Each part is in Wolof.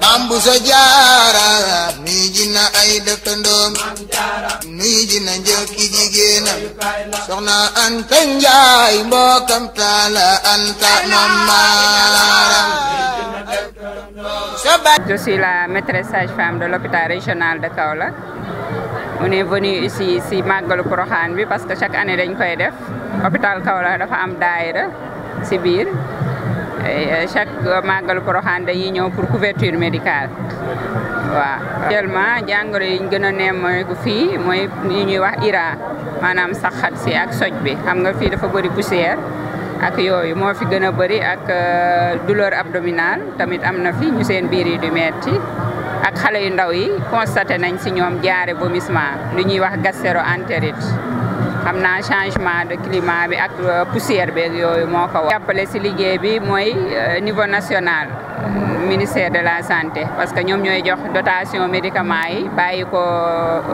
maam bu sa jaara nuy ji na ay dëkkandoom nuy ji na njëkki jigéenam Anta Njaay mbokkam taala Anta maam maaram la maîtresse sage-femme de l'hôpital régional de Kaolack. On est i ici si màggalu Porokhane bi parce que chaque année dañ koy def hôpital Kaolack dafa am daayira si biir Eh, eh, chaque màggalu Porokhane dañuy ñëw pour couverture médicale waaw actuellement jàngoro yi ñu gën a nemmeeku fii mooy yi ñuy wax IRA maanaam saxat si ak soj bi xam nga fii dafa bëri poussière ak yooyu moo fi gën a bëri ak euh, douleur abdominale tamit am na fi ñu seen biir yi di metti ak xale yu ndaw yi constaté nañ si ñoom jaare vomissement lu ñuy wax gastro entérite xam naa changement de climat bi ak euh, poussière beeg yooyu moo ko wax jàppale si liggéey bi mooy euh, niveau national euh, ministère de la santé parce que ñoom ñooy jox dotation médicament yi bàyyi ko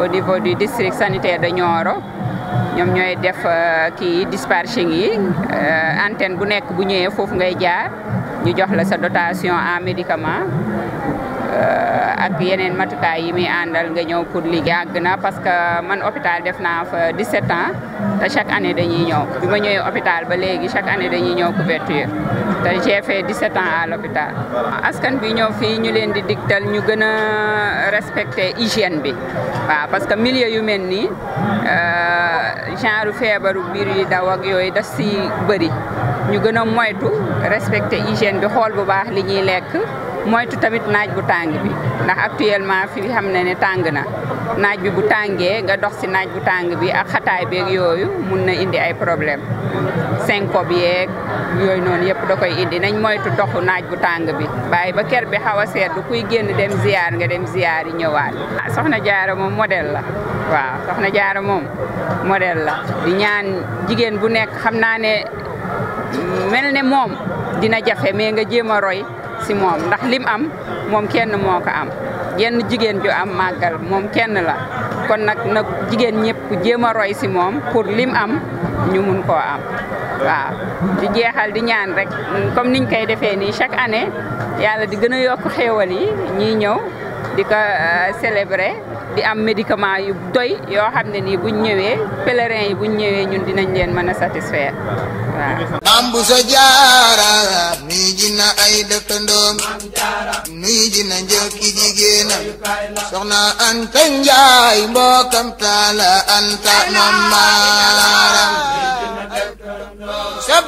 au niveau du district sanitaire de Nioro ñoom ñooy def kii dispatching yi antenne bu nekk bu ñëwee foofu ngay jaar ñu jox la sa dotation en médicament Euh, ak yeneen matukaay yi muy àndal nga ñëw pour liggéey àgg na parce que man hôpital def naa fa 17 ans te chaque année dañuy ñëw bi ma ñëwee hôpital ba léegi chaque année dañuy ñëw couverture te j'ai fait 17 ans à l'hôpital askan bi ñëw fii ñu leen di digtal ñu gën a respecter hygiène bi waaw parce que milieu yu mel nii euh, genre feebaru biir yi daw ak yooyu daf si bëri ñu gën a moytu respecter hygiène bi xool bu baax li ñuy lekk moytu tamit naaj bu tàng bi ndax actuellement fi xam ne ne tàng na naaj bi bu tàngee nga dox si naaj bu tàng bi ak xataay beeg yooyu mun na indi ay problème syncope yeeg yooyu noonu yëpp da koy indi nañ moytu doxu naaj bu tàng bi bàyyi ba ker bi xaw a seetlu kuy génn dem ziyaar nga dem ziyaar yi ñëwaat ah, soxna jaara moom modèle la waaw soxna jaara moom modèle la di ñaan jigéen bu nekk xam naa ne mel ne moom dina jafe mais nga jéem a roy si moom ndax lim am moom kenn moo ko am genn jigéen ju am màggal moom kenn la kon nag nag jigéen ñëpp jéem a roy si moom pour lim am ñu mun koo am waaw di jeexal di ñaan rek comme niñ koy defee nii chaque année yàlla di gën a yokk xéewal yi ñiy ñëw di ko euh, célébrer di am médicament yu doy yoo xam ne nii buñ ñëwee pèlerin yi buñ ñëwee ñun dinañ leen mën a satisfaire waaw maam bu sa jaara ay dëkkandoom nuy dina njëkki jigéenam soxna anta njaay mbokkam taala anta mam